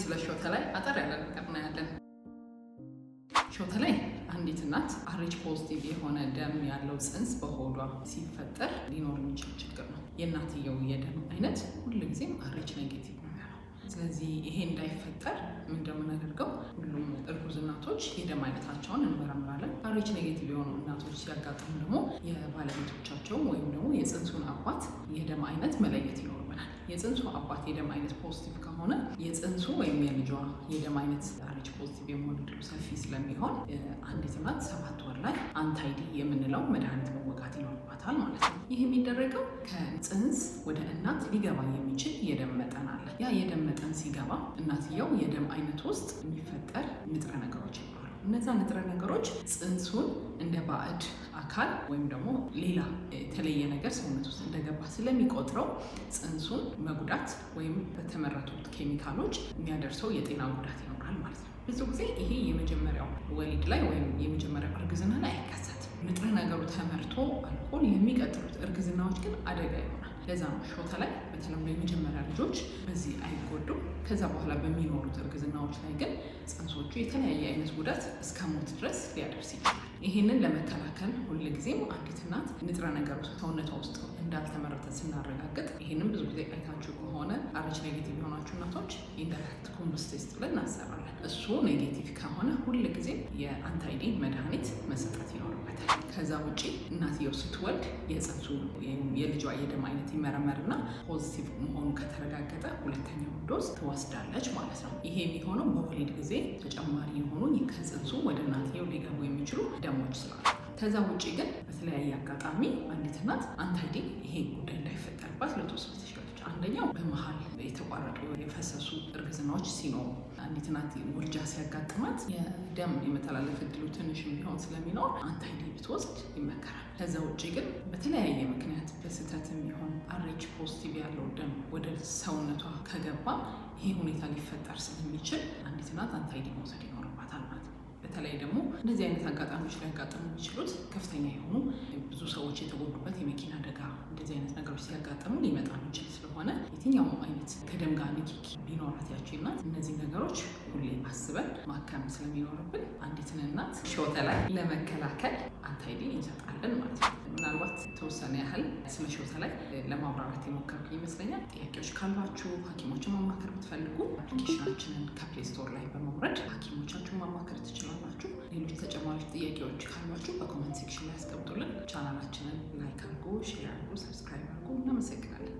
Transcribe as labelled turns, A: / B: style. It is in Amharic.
A: ስለ ሾተ ላይ አጠር ያለ ነገር እናያለን። ሾተ ላይ አንዲት እናት አሬች ፖዚቲቭ የሆነ ደም ያለው ፅንስ በሆዷ ሲፈጠር ሊኖር የሚችል ችግር ነው። የእናትየው የደም አይነት ሁልጊዜም አሬች ኔጌቲቭ ነው። ስለዚህ ይሄ እንዳይፈጠር ምን እንደምናደርገው ሁሉም እርጉዝ እናቶች የደም አይነታቸውን እንመረምራለን። አሬች ኔጌቲቭ የሆኑ እናቶች ሲያጋጥሙ ደግሞ የባለቤቶቻቸው ወይም ደግሞ የፅንሱን አባት የደም አይነት መለየት የፅንሱ አባት የደም አይነት ፖዚቲቭ ከሆነ የፅንሱ ወይም የልጇ የደም አይነት ዛሬች ፖዚቲቭ የመሆን እድሉ ሰፊ ስለሚሆን አንዲት እናት ሰባት ወር ላይ አንታይዲ የምንለው መድኃኒት መወጋት ይኖርባታል ማለት ነው። ይህ የሚደረገው ከፅንስ ወደ እናት ሊገባ የሚችል የደም መጠን አለ። ያ የደም መጠን ሲገባ እናትየው የደም አይነት ውስጥ የሚፈጠር ንጥረ ነገሮች ይኖራል። እነዛ ንጥረ ነገሮች ጽንሱን እንደ ባዕድ አካል ወይም ደግሞ ሌላ የተለየ ነገር ሰውነት ውስጥ እንደገባ ስለሚቆጥረው ጽንሱን መጉዳት ወይም በተመረቱት ኬሚካሎች የሚያደርሰው የጤና ጉዳት ይኖራል ማለት ነው። ብዙ ጊዜ ይሄ የመጀመሪያው ወሊድ ላይ ወይም የመጀመሪያው እርግዝና ላይ አይከሰትም። ንጥረ ነገሩ ተመርቶ አልቆ የሚቀጥሉት እርግዝናዎች ግን አደጋ ይሆናል። ለዛ ነው ሾታ ላይ በተለምዶ የመጀመሪያ ልጆች በዚህ አይጎዱም። ከዛ በኋላ በሚኖሩት እርግዝናዎች ላይ ግን ጽንሶቹ የተለያየ አይነት ጉዳት እስከ ሞት ድረስ ሊያደርስ ይችላል። ይህንን ለመከላከል ሁልጊዜም አንዲት እናት ንጥረ ነገር ሰውነቷ ውስጥ እንዳልተመረተ ስናረጋግጥ፣ ይህንም ብዙ ጊዜ አይታችሁ ከሆነ በነገራችን ላይ ኔጌቲቭ የሆናችሁ እናቶች ኢንተራክት ኮምብስ ቴስት ብለን እናሰራለን። እሱ ኔጌቲቭ ከሆነ ሁል ጊዜ የአንታይዲ መድኃኒት መሰጠት ይኖርበታል። ከዛ ውጭ እናትየው ስትወልድ የጽንሱ የልጇ የደም አይነት ይመረመርና ፖዚቲቭ መሆኑ ከተረጋገጠ ሁለተኛው ዶዝ ትወስዳለች ማለት ነው። ይሄ የሚሆነው በወሊድ ጊዜ ተጨማሪ የሆኑ ከጽንሱ ወደ እናትየው ሊገቡ የሚችሉ ደሞች ስላሉ ከዛ ውጭ ግን በተለያየ አጋጣሚ አንዲት እናት አንታይዲ ይሄ ጉዳይ እንዳይፈጠርባት ልትወስድ ትችላለች። አንደኛው በመሀል የተቋረጡ የፈሰሱ እርግዝናዎች ሲኖሩ አንዲት እናት ውርጃ ሲያጋጥማት የደም የመተላለፍ እድሉ ትንሽ የሚሆን ስለሚኖር አንታይዲ ብትወስድ ይመከራል። ከዛ ውጭ ግን በተለያየ ምክንያት በስህተት የሚሆን አሬች ፖዚቲቭ ያለው ደም ወደ ሰውነቷ ከገባ ይህ ሁኔታ ሊፈጠር ስለሚችል አንዲት እናት አንታይዲ መውሰድ ይኖርባታል ማለት ነው። በተለይ ደግሞ እንደዚህ አይነት አጋጣሚዎች ሊያጋጥሙ የሚችሉት ከፍተኛ የሆኑ ብዙ ሰዎች የተጎዱበት የመኪና አደጋ እንደዚህ አይነት ነገሮች ሲያጋጥሙ ሊመጣ የሚችል ስለሆነ የትኛውም አይነት ከደም ጋር ንኪኪ ቢኖራት ያቺ እናት እነዚህ ነገሮች ሁሌ አስበን ማከም ስለሚኖርብን አንዲትን እናት ሾተ ላይ ለመከላከል አንታይዲን እንሰጣለን ማለት ነው። ምናልባት ተወሰነ ያህል ስለ ሾተ ላይ ለማብራራት የሞከርኩ ይመስለኛል። ጥያቄዎች ካሏችሁ ሐኪሞችን ማማከር ብትፈልጉ አፕሊኬሽናችንን ከፕሌስቶር ላይ በማውረድ ሐኪሞቻችሁን ማማከር ትችላላችሁ። ሌሎች ተጨማሪ ጥያቄዎች ካሏችሁ ላይክ አድርጎ ሼር አድርጎ ሰብስክራይብ አድርጎ እናመሰግናለን።